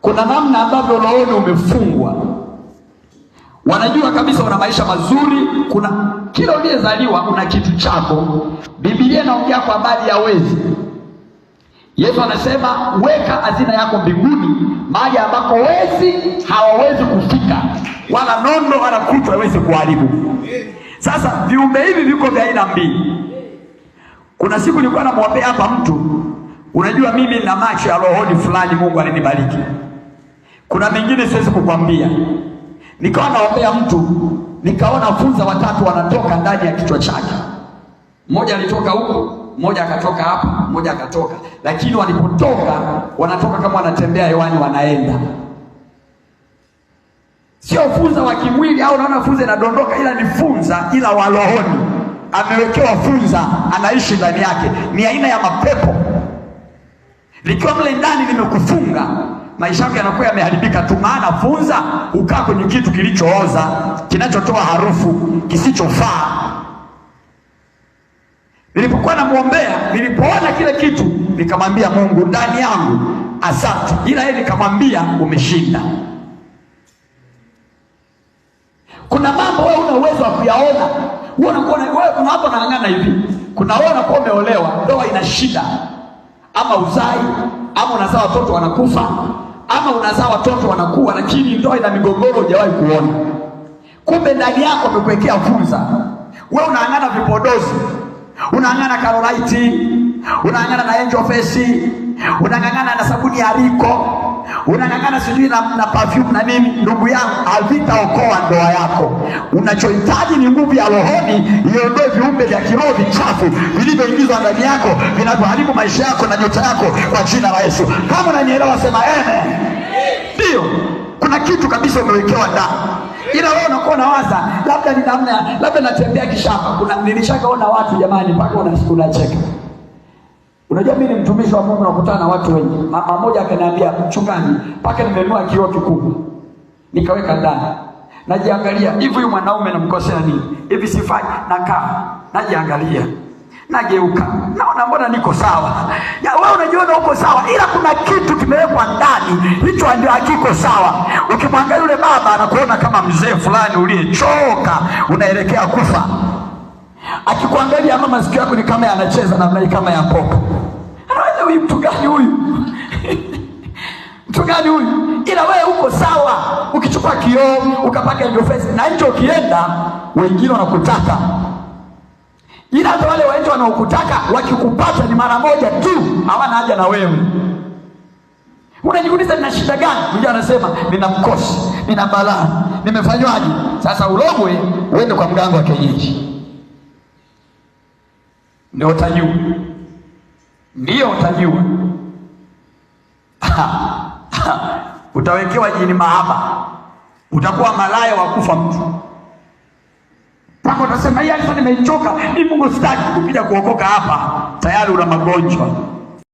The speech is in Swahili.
Kuna namna ambavyo unaona umefungwa, wanajua kabisa wana maisha mazuri. Kuna kila uliyezaliwa una kitu chako. Biblia inaongea kwa habari ya wezi. Yesu anasema weka hazina yako mbinguni, mahali ambako wezi hawawezi kufika, wala nondo wala kutu hawezi kuharibu. Sasa viumbe hivi viko vya aina mbili. Kuna siku nilikuwa namwombea hapa mtu, unajua mimi nina macho ya rohoni fulani, Mungu alinibariki kuna mengine siwezi kukwambia. Nikawa naombea mtu, nikaona funza watatu wanatoka ndani ya kichwa chake. Mmoja alitoka huko, mmoja akatoka hapa, mmoja akatoka, lakini walipotoka wanatoka kama wanatembea hewani, wanaenda sio funza wa kimwili au naona funza inadondoka, ila ni funza, ila rohoni. amewekewa funza, anaishi ndani yake, ni aina ya mapepo. Likiwa mle ndani limekufunga maisha yako yanakuwa yameharibika tu, maana funza ukaa kwenye kitu kilichooza, kinachotoa harufu, kisichofaa. Nilipokuwa namwombea, nilipoona kile kitu, nikamwambia Mungu, ndani yangu asante, ila yeye nikamwambia umeshinda. Kuna mambo wewe una uwezo wa kuyaona, kuna hapo naangana hivi, kuna wewe unakuwa umeolewa, ndoa ina shida, ama uzai ama unazaa watoto wanakufa ama unazaa watoto wanakuwa, lakini ndoa ina migogoro hujawahi kuona. Kumbe ndani yako amekuwekea funza. Wewe unaang'ana vipodozi, unaang'ana karolaiti, unaang'ana na angel face, unaang'ana na sabuni ya riko unang'ang'ana sijui na, na perfume na nini, ndugu yangu, havitaokoa ndoa yako. Unachohitaji ni nguvu ya rohoni iondoe viumbe vya kiroho vichafu vilivyoingizwa ndani yako vinavyoharibu maisha yako na nyota yako kwa jina la Yesu. Kama unanielewa sema amen. Ndio, kuna kitu kabisa umewekewa ndani ila wewe unakuwa unawaza labda ni namna, labda natembea kishamba. Kuna nilishakaona watu jamani, mpaka unacheka. Unajua mimi ni mtumishi wa Mungu, nakutana na watu wengi. Mama mmoja akaniambia, mchungaji, mpaka nimenunua kioo kikubwa nikaweka ndani, najiangalia hivi, huyu mwanaume namkosea nini? Hivi sifai? Nakaa najiangalia, nageuka, naona mbona niko sawa. Ya wewe unajiona uko sawa, ila kuna kitu kimewekwa ndani, hicho ndio hakiko sawa. Ukimwangalia yule baba anakuona kama mzee fulani uliyechoka, unaelekea kufa. Akikuangalia mama, sikio yako ni kama yanacheza namna hii, kama ya wewe mtu gani huyu? mtu gani huyu? Ila wewe uko sawa, ukichukua kioo ukapaka ndio face na hicho, ukienda wengine wanakutaka, ila hata wale wengine wanaokutaka wakikupata ni mara moja tu, hawana haja na wewe. Unajiuliza, nina shida gani? Mwingine anasema nina mkosi, nina balaa, nimefanywaje? Sasa ulogwe uende kwa mganga wa kienyeji ndio utajua ndiyo utajua. Utawekewa jini mahaba, utakuwa malaya wa kufa mtu mpaka utasema hii, alikuwa nimechoka, ni Mungu, sitaki kukuja kuokoka hapa, tayari una magonjwa.